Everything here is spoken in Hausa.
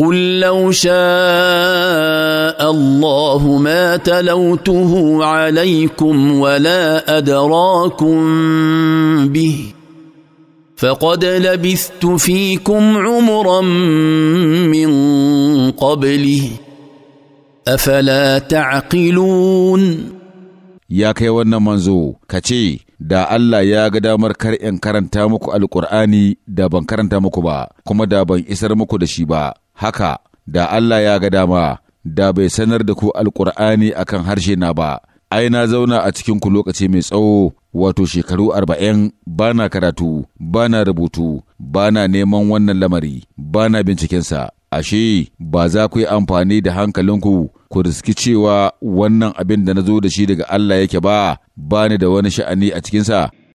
قل لو شاء الله ما تلوته عليكم ولا ادراكم به فقد لبثت فيكم عمرا من قبله افلا تعقلون ya kai wannan manzo ka ce da Allah ya ga damar kar in karanta muku alƙur'ani da ban karanta muku ba kuma da ban isar muku da shi ba haka da Allah ya ga dama da bai sanar da ku alkur'ani kan harshe na ba ai na zauna a cikin ku lokaci mai tsawo wato shekaru arba'in ba na karatu ba na rubutu ba na neman wannan lamari ba bana bincikensa ashe ba za ku yi amfani da hankalinku ku riski cewa wannan abin da na zo da shi daga Allah yake ba ba ni da wani sha'ani a cikinsa